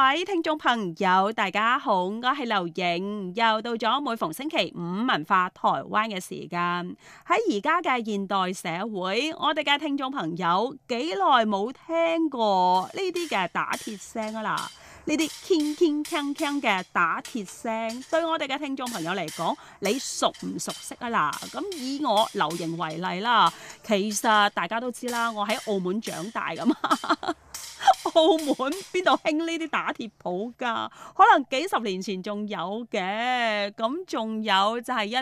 各位聽眾朋友，大家好，我係劉盈，又到咗每逢星期五文化台灣嘅時間。喺而家嘅現代社會，我哋嘅聽眾朋友幾耐冇聽過呢啲嘅打鐵聲啊啦，呢啲鏗鏗鏗鏗嘅打鐵聲，對我哋嘅聽眾朋友嚟講，你熟唔熟悉啊啦？咁以我劉盈為例啦，其實大家都知啦，我喺澳門長大㗎嘛。 澳門邊度興呢啲打鐵鋪㗎？可能幾十年前仲有嘅，咁仲有就係一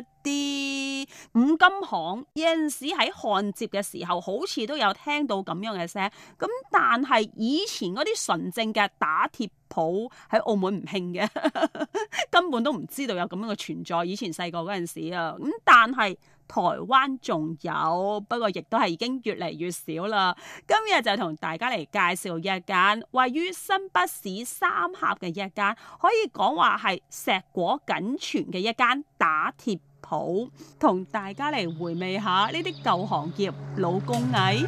啲五金行。有陣時喺焊接嘅時候，好似都有聽到咁樣嘅聲。咁但係以前嗰啲純正嘅打鐵鋪喺澳門唔興嘅，根本都唔知道有咁樣嘅存在。以前細個嗰陣時啊，咁但係。台灣仲有，不過亦都係已經越嚟越少啦。今日就同大家嚟介紹一間位於新北市三峽嘅一間，可以講話係碩果僅存嘅一間打鐵鋪，同大家嚟回味下呢啲舊行業老工藝。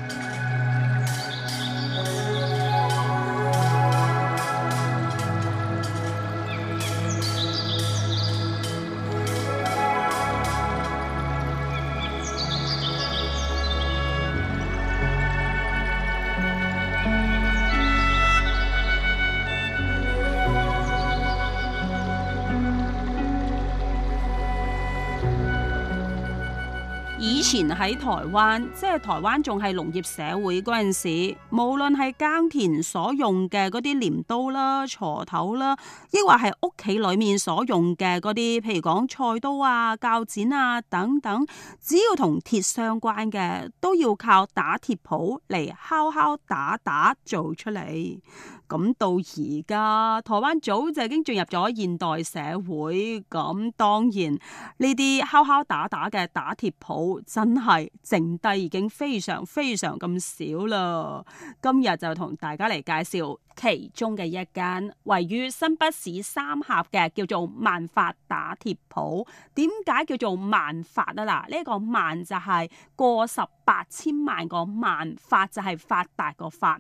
以前喺台灣，即係台灣仲係農業社會嗰陣時，無論係耕田所用嘅嗰啲鐮刀啦、鋤頭啦，抑或係屋企裡面所用嘅嗰啲，譬如講菜刀啊、鉸剪啊等等，只要同鐵相關嘅，都要靠打鐵鋪嚟敲敲打打做出嚟。咁到而家，台灣早就已經進入咗現代社會，咁當然呢啲敲敲打打嘅打鐵鋪真係剩低已經非常非常咁少啦。今日就同大家嚟介紹其中嘅一間位於新北市三峽嘅叫做萬發打鐵鋪，點解叫做萬發啊？嗱，呢個萬就係過十八千萬個萬，發就係發達個發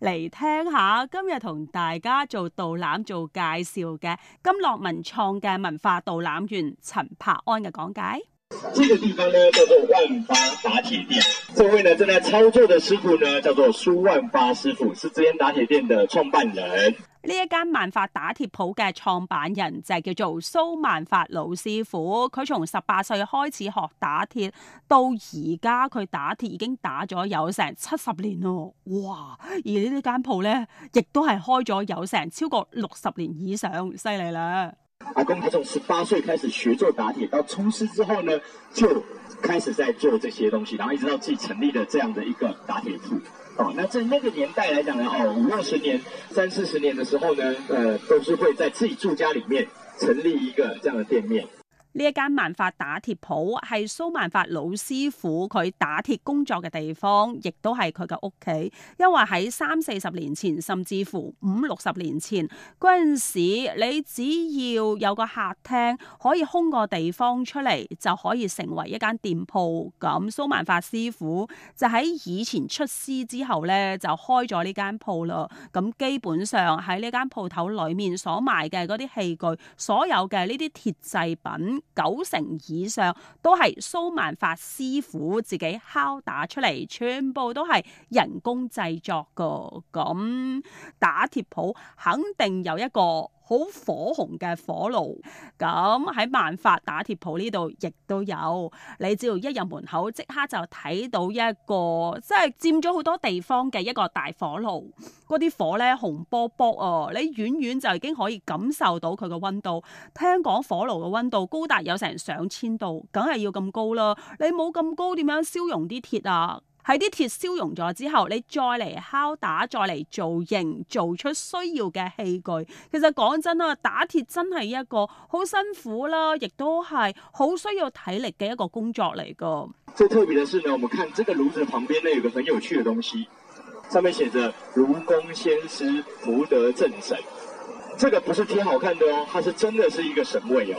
嚟聽下，咁。今日同大家做導覽做介紹嘅金樂文創嘅文化導覽員陳柏安嘅講解。呢個地方呢，叫做萬發打鐵店，這位呢，正在操作嘅師傅呢，叫做蘇萬發師傅，是呢間打鐵店嘅創辦人。呢一間萬發打鐵鋪嘅創辦人就係叫做蘇萬發老師傅，佢從十八歲開始學打鐵，到而家佢打鐵已經打咗有成七十年咯，哇！而間呢間鋪咧，亦都係開咗有成超過六十年以上，犀利啦！阿公，佢從十八歲開始學做打鐵，到從師之後呢，就開始在做這些東西，然後一直到自己成立咗這樣的，一個打鐵鋪。哦，那在那個年代來講呢，哦，五、六十年、三四十年的時候呢，呃，都是會在自己住家裏面成立一個這樣的店面。呢一間萬法打鐵鋪係蘇萬法老師傅佢打鐵工作嘅地方，亦都係佢嘅屋企。因為喺三四十年前，甚至乎五六十年前嗰陣時，你只要有個客廳可以空個地方出嚟，就可以成為一間店鋪。咁蘇萬法師傅就喺以前出師之後呢，就開咗呢間鋪啦。咁基本上喺呢間鋪頭裡面所賣嘅嗰啲器具，所有嘅呢啲鐵製品，九成以上都係蘇萬發師傅自己敲打出嚟，全部都係人工製作嘅。咁打鐵鋪肯定有一個。好火紅嘅火爐，咁喺萬發打鐵舖呢度亦都有。你只要一入門口，即刻就睇到一個即係佔咗好多地方嘅一個大火爐。嗰啲火咧紅卜卜啊！你遠遠就已經可以感受到佢嘅温度。聽講火爐嘅温度高達有成上千度，梗係要咁高啦。你冇咁高點樣燒融啲鐵啊？喺啲鐵燒融咗之後，你再嚟敲打，再嚟造型，做出需要嘅器具。其實講真啊，打鐵真係一個好辛苦啦，亦都係好需要體力嘅一個工作嚟噶。最特別嘅是呢，我們看這個爐子旁邊呢，有一個很有趣嘅東西，上面寫着「爐公先師福德正神」，這個不是貼好看的哦，它是真的是一個神位哦。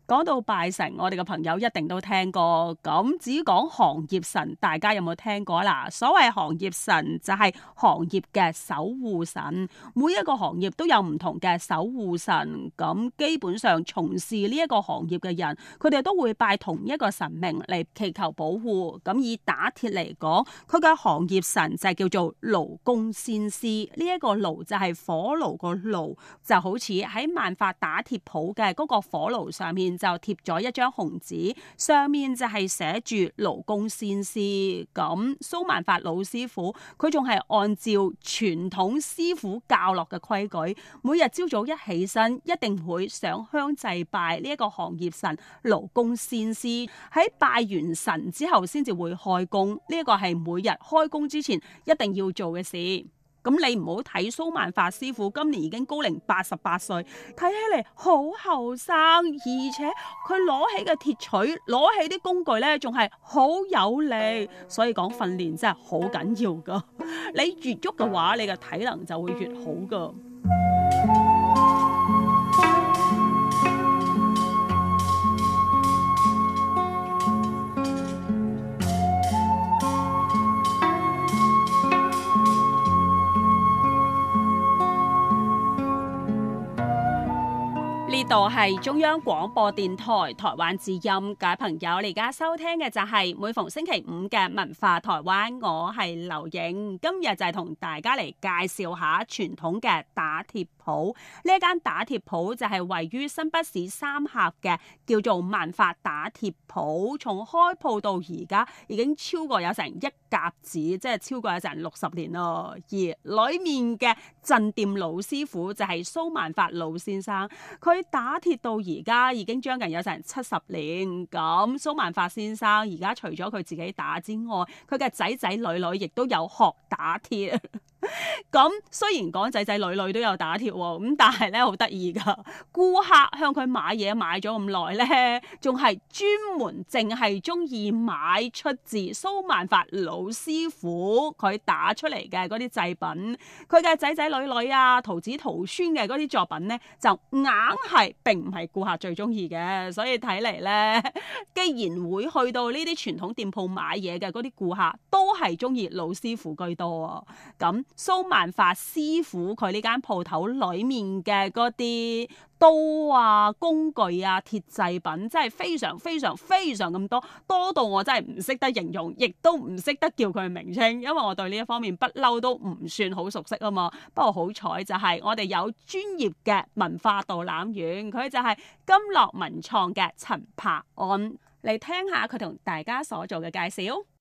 講到拜神，我哋嘅朋友一定都聽過。咁至於講行業神，大家有冇聽過啦？所謂行業神就係行業嘅守護神，每一個行業都有唔同嘅守護神。咁基本上從事呢一個行業嘅人，佢哋都會拜同一個神明嚟祈求保護。咁以打鐵嚟講，佢嘅行業神就係叫做爐公先師。呢、這、一個爐就係火爐個爐，就好似喺萬法打鐵舖嘅嗰個火爐上面。就貼咗一張紅紙，上面就係寫住勞工先師。咁蘇萬發老師傅，佢仲係按照傳統師傅教落嘅規矩，每日朝早一起身，一定會上香祭拜呢一個行業神勞工先師。喺拜完神之後，先至會開工。呢一個係每日開工之前一定要做嘅事。咁你唔好睇蘇萬發師傅，今年已經高齡八十八歲，睇起嚟好後生，而且佢攞起個鐵錘，攞起啲工具呢，仲係好有力，所以講訓練真係好緊要噶。 你越喐嘅話，你嘅體能就會越好噶。呢度係中央廣播電台台灣之音，各位朋友，你而家收聽嘅就係每逢星期五嘅文化台灣，我係劉影，今日就係同大家嚟介紹下傳統嘅打鐵鋪。呢間打鐵鋪就係位於新北市三峽嘅，叫做萬發打鐵鋪。從開鋪到而家已經超過有成一甲子，即係超過有成六十年咯。而裡面嘅鎮店老師傅就係蘇萬發老先生，佢打鐵到而家已經將近有成七十年。咁蘇萬發先生而家除咗佢自己打之外，佢嘅仔仔女女亦都有學打鐵。 咁 雖然講仔仔女女都有打鐵喎，咁但係咧好得意噶，顧客向佢買嘢買咗咁耐咧，仲係專門淨係中意買出自蘇萬發老師傅佢打出嚟嘅嗰啲製品，佢嘅仔仔女女啊、徒子徒孫嘅嗰啲作品咧，就硬係並唔係顧客最中意嘅，所以睇嚟咧，既然會去到呢啲傳統店鋪買嘢嘅嗰啲顧客，都係中意老師傅居多啊，咁。蘇萬發師傅佢呢間鋪頭裏面嘅嗰啲刀啊、工具啊、鐵製品，真係非常非常非常咁多，多到我真係唔識得形容，亦都唔識得叫佢名稱，因為我對呢一方面不嬲都唔算好熟悉啊嘛。不過好彩就係我哋有專業嘅文化導覽員，佢就係金樂文創嘅陳柏安，嚟聽下佢同大家所做嘅介紹。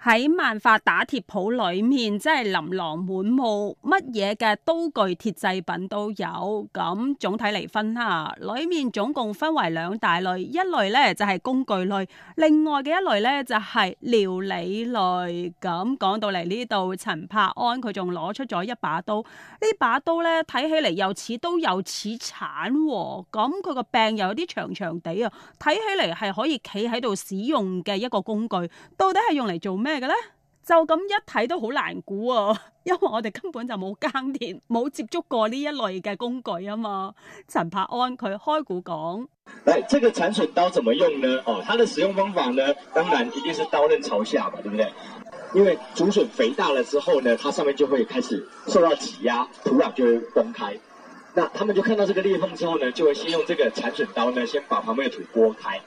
喺萬發打鐵鋪裏面，真係琳琅滿目，乜嘢嘅刀具鐵製品都有。咁總體嚟分啦，裏面總共分為兩大類，一類呢就係工具類，另外嘅一類呢就係料理類。咁講到嚟呢度，陳柏安佢仲攞出咗一把刀，呢把刀呢睇起嚟又似刀又似鏟，咁佢個柄又有啲長長地啊，睇起嚟係可以企喺度使用嘅一個工具，到底係用嚟做咩？咩嘅咧？就咁一睇都好難估啊、哦！因為我哋根本就冇耕田，冇接觸過呢一類嘅工具啊嘛。陳柏安佢開估講：誒，這個鏟筍刀怎麼用呢？哦，它的使用方法呢？當然，一定是刀刃朝下嘛，對不對？因為竹筍肥大了之後呢，它上面就會開始受到擠壓，土壤就會崩開。那他們就看到這個裂縫之後呢，就會先用這個鏟筍刀呢，先把旁邊的土撥開。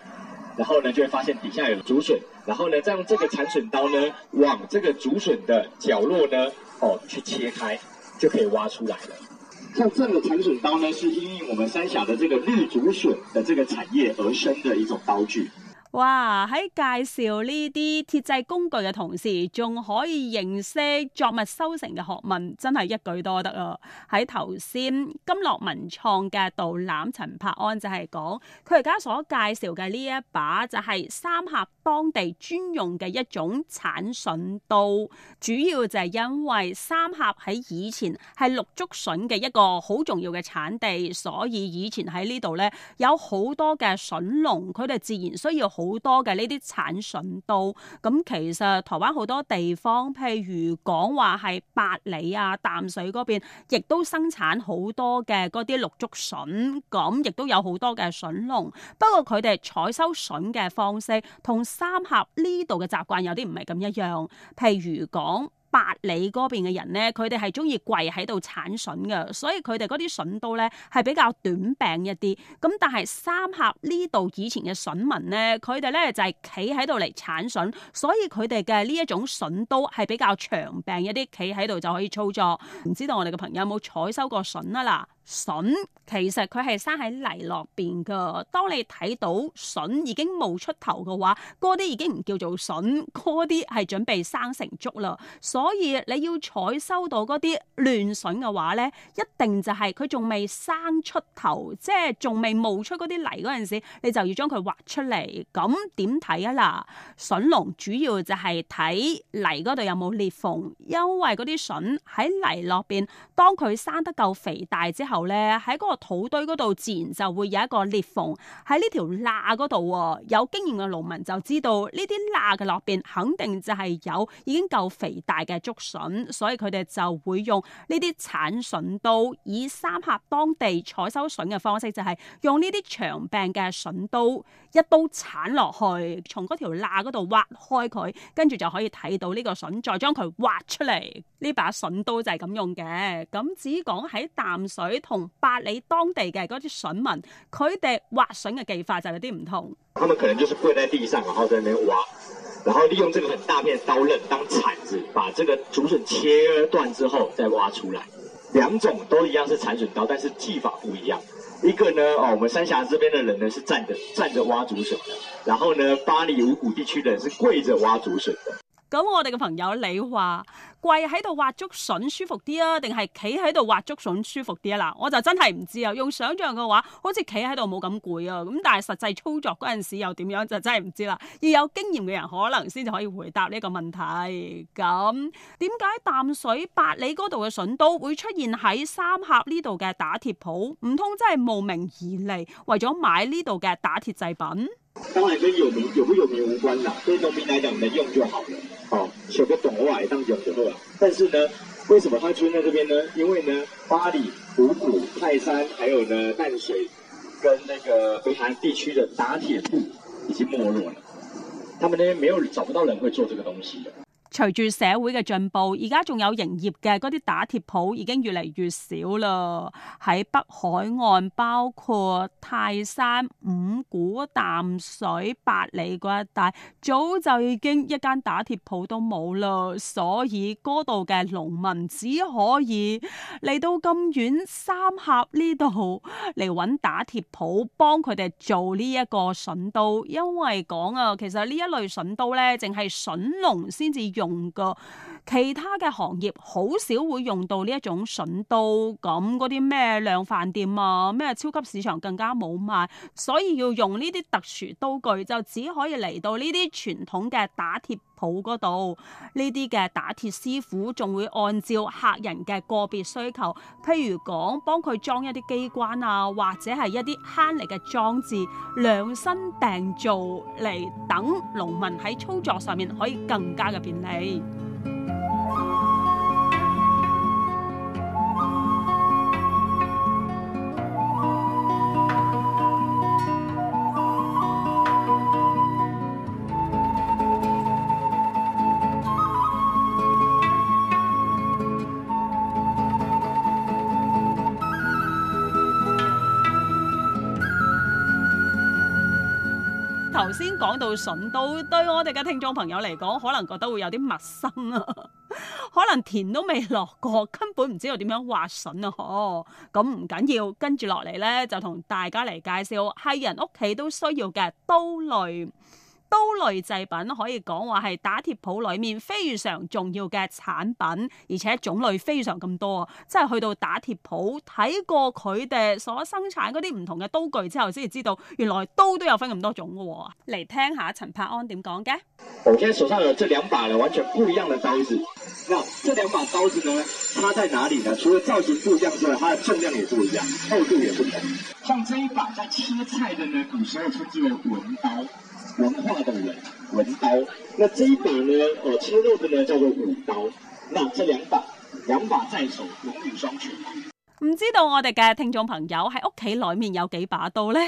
然後呢，就會發現底下有竹筍，然後呢，再用這個鏟筍刀呢，往這個竹筍的角落呢，哦，去切開，就可以挖出來了。像這個鏟筍刀呢，是因應我們三峽的這個綠竹筍的這個產業而生的一種刀具。哇！喺介紹呢啲鐵製工具嘅同時，仲可以認識作物收成嘅學問，真係一舉多得啊！喺頭先金樂文創嘅導覽陳柏安就係講，佢而家所介紹嘅呢一把就係三合，當地專用嘅一種剷筍刀，主要就係因為三峽喺以前係綠竹筍嘅一個好重要嘅產地，所以以前喺呢度呢，有好多嘅筍農，佢哋自然需要好多嘅呢啲剷筍刀。咁其實台灣好多地方，譬如講話係八里啊、淡水嗰邊，亦都生產好多嘅嗰啲綠竹筍，咁亦都有好多嘅筍農。不過佢哋採收筍嘅方式同三峽呢度嘅習慣有啲唔係咁一樣，譬如講八里嗰邊嘅人咧，佢哋係中意跪喺度鏟筍嘅，所以佢哋嗰啲筍刀咧係比較短柄一啲。咁但係三峽呢度以前嘅筍民咧，佢哋咧就係企喺度嚟鏟筍，所以佢哋嘅呢一種筍刀係比較長柄一啲，企喺度就可以操作。唔知道我哋嘅朋友有冇採收過筍啊啦？筍其實佢係生喺泥落邊噶。當你睇到筍已經冒出頭嘅話，嗰啲已經唔叫做筍，嗰啲係準備生成竹啦。所以你要採收到嗰啲嫩筍嘅話呢，一定就係佢仲未生出頭，即係仲未冒出嗰啲泥嗰陣時，你就要將佢挖出嚟。咁點睇啊？啦，筍龍主要就係睇泥嗰度有冇裂縫，因為嗰啲筍喺泥落邊，當佢生得夠肥大之後。咧喺嗰個土堆嗰度，自然就會有一個裂縫喺呢條罅嗰度。有經驗嘅農民就知道呢啲罅嘅落邊肯定就係有已經夠肥大嘅竹筍，所以佢哋就會用呢啲鏟筍刀，以三峽當地採收筍嘅方式，就係用呢啲長柄嘅筍刀，一刀鏟落去，從嗰條罅嗰度挖開佢，跟住就可以睇到呢個筍，再將佢挖出嚟。呢把筍刀就係咁用嘅。咁只講喺淡水，同八里當地嘅嗰啲筍民，佢哋挖筍嘅技法就有啲唔同。他們可能就是跪在地上，然後在那邊挖，然後利用這個很大片刀刃當鏟子，把這個竹筍切斷之後再挖出來。兩種都一樣是鏟筍刀，但是技法不一樣。一個呢，哦，我們三峽這邊的人呢是站着站着挖竹筍的，然後呢，八里五股地區的人是跪着挖竹筍的。咁我哋嘅朋友，你話跪喺度挖竹筍舒服啲啊，定係企喺度挖竹筍舒服啲啊？嗱，我就真係唔知啊。用想象嘅話，好似企喺度冇咁攰啊。咁但係實際操作嗰陣時又點樣就真係唔知啦。要有經驗嘅人可能先至可以回答呢個問題。咁點解淡水八里嗰度嘅筍刀會出現喺三峽呢度嘅打鐵鋪？唔通真係慕名而嚟，為咗買呢度嘅打鐵製品？當然跟有名有冇有名無關啦，對農民來講，實用就好學不懂哇，但有時候啊，但是呢，為什麼他出現在這邊呢？因為呢，八里、五股、泰山，還有呢淡水，跟那個北海岸地區的打鐵鋪已經沒落了，他們那邊沒有找不到人會做這個東西的。隨住社會嘅進步，而家仲有營業嘅啲打鐵鋪已經越嚟越少啦。喺北海岸，包括泰山、五股、淡水、八里一帶早就已經一間打鐵鋪都冇啦。所以嗰度嘅農民只可以嚟到咁遠三峽呢度嚟揾打鐵鋪幫佢哋做呢一個筍刀，因為講啊，其實呢一類筍刀咧，淨係筍農先至用用嘅，其他嘅行業好少會用到呢一種筍刀。咁嗰啲咩量販店啊、咩超級市場更加冇賣，所以要用呢啲特殊刀具，就只可以嚟到呢啲傳統嘅打鐵鋪度呢啲嘅打鐵師傅仲會按照客人嘅個別需求，譬如講幫佢裝一啲機關啊，或者係一啲慳力嘅裝置，量身訂造嚟，等農民喺操作上面可以更加嘅便利。筍刀對我哋嘅聽眾朋友嚟講，可能覺得會有啲陌生啊， 可能田都未落過，根本唔知道點樣挖筍啊。哦，咁唔緊要，跟住落嚟呢，就同大家嚟介紹，係人屋企都需要嘅刀類。刀類製品可以講話係打鐵鋪裏面非常重要嘅產品，而且種類非常咁多，即係去到打鐵鋪睇過佢哋所生產嗰啲唔同嘅刀具之後，先至知道原來刀都有分咁多種嘅。哦。嚟聽下陳柏安點講嘅。我今天手上有這兩把完全不一樣嘅刀子，那這兩把刀子呢，差在哪裏呢？除了造型不一樣之外，它的重量也不一樣，厚度也不同。像這一把在切菜的呢，古時候稱之為文刀。文畫等人文刀，那這一把呢？我切肉的呢叫做武刀。那這兩把，兩把在手，文武雙全。唔知道我哋嘅聽眾朋友喺屋企裏面有幾把刀呢？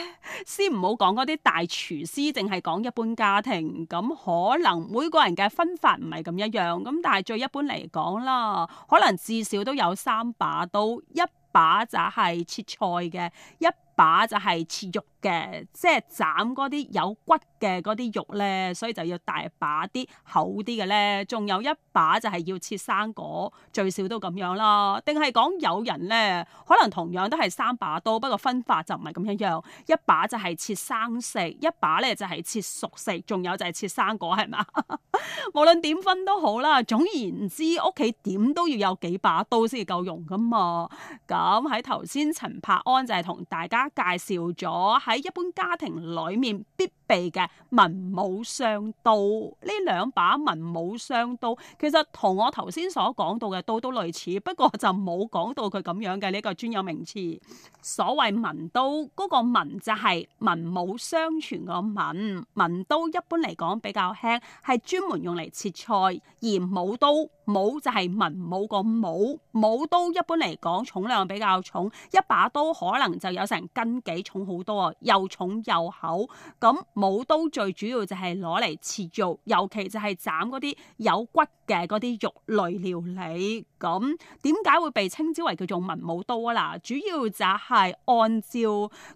先唔好講嗰啲大廚師，淨係講一般家庭。咁可能每個人嘅分法唔係咁一樣。咁但係最一般嚟講啦，可能至少都有三把刀，一把就係切菜嘅一。把就係切肉嘅，即係斬嗰啲有骨嘅嗰啲肉呢，所以就要大把啲厚啲嘅呢。仲有一把就係要切生果，最少都咁樣啦。定係講有人呢？可能同樣都係三把刀，不過分法就唔係咁一樣。一把就係切生食，一把呢就係切熟食，仲有就係切生果，係嘛？ 無論點分都好啦。總言之，屋企點都要有幾把刀先夠用噶嘛。咁喺頭先，陳柏安就係同大家。介紹咗喺一般家庭裏面必備嘅文武雙刀，呢兩把文武雙刀，其實同我頭先所講到嘅刀都類似，不過就冇講到佢咁樣嘅呢個專有名詞。所謂文刀，嗰個文就係文武相傳個文。文刀一般嚟講比較輕，係專門用嚟切菜；而武刀，武就係文武個武。武刀一般嚟講重量比較重，一把刀可能就有成斤幾重好多啊，又重又厚，咁武刀最主要就係攞嚟切肉，尤其就係斬嗰啲有骨嘅嗰啲肉類料理。咁點解會被稱之為叫做文武刀啊？嗱，主要就係按照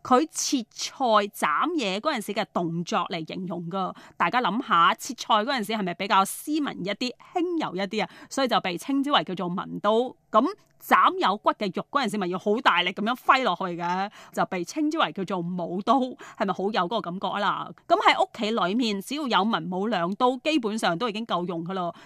佢切菜斬嘢嗰陣時嘅動作嚟形容噶。大家諗下，切菜嗰陣時係咪比較斯文一啲、輕柔一啲啊？所以就被稱之為叫做文刀。咁斬有骨嘅肉嗰陣時，咪要好大力咁樣揮落去嘅，就被稱之為叫做武刀。係咪好有嗰個感覺啊？嗱，咁喺屋企裡面，只要有文武兩刀，基本上都已經夠用噶咯。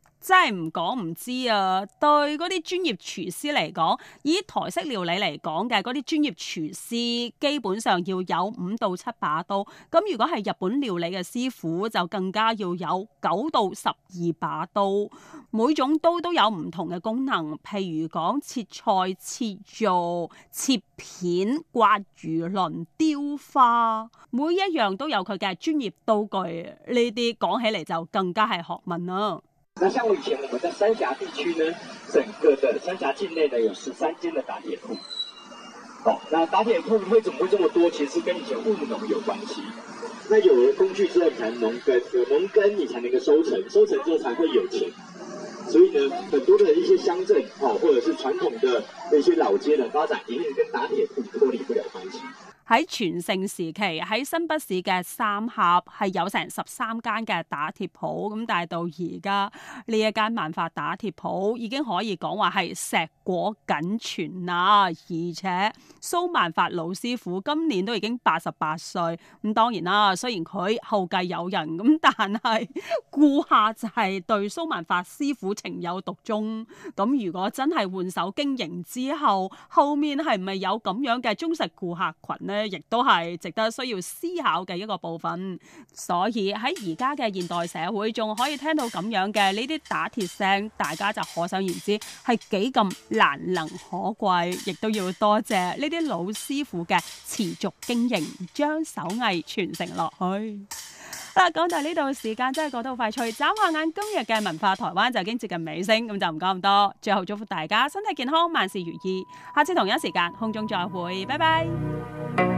真係唔講唔知啊！對嗰啲專業廚師嚟講，以台式料理嚟講嘅嗰啲專業廚師，基本上要有五到七把刀。咁如果係日本料理嘅師傅，就更加要有九到十二把刀。每種刀都有唔同嘅功能，譬如講切菜、切做、切片、刮魚鱗、雕花，每一樣都有佢嘅專業刀具。呢啲講起嚟就更加係學問啦～那像我以前，我們在三峽地區呢，整個的三峽境內呢，有十三間的打鐵鋪。哦，那打鐵鋪為什麼會這麼多？其實跟以前務農有關係。那有了工具之後，你才能農耕，有農耕你才能夠收成，收成之後才會有錢。所以呢，很多的一些鄉鎮，哦，或者是傳統的那些老街的發展，一定跟打鐵鋪脫離不了關係。喺全盛時期，喺新北市嘅三峽係有成十三間嘅打鐵鋪，咁但係到而家呢一間萬發打鐵鋪已經可以講話係碩果僅存啦。而且蘇萬發老師傅今年都已經八十八歲，咁當然啦，雖然佢後繼有人，咁但係顧客就係對蘇萬發師傅情有獨鍾，咁如果真係換手經營之後，後面係唔係有咁樣嘅忠實顧客群咧？亦都係值得需要思考嘅一個部分，所以喺而家嘅現代社會仲可以聽到咁樣嘅呢啲打鐵聲，大家就可想而知係幾咁難能可貴，亦都要多謝呢啲老師傅嘅持續經營，將手藝傳承落去。嗱，講到呢度，時間真係過得好快脆，眨下眼今日嘅文化台灣就已經接近尾聲，咁就唔講咁多。最後祝福大家身體健康，萬事如意。下次同一時間空中再會，拜拜。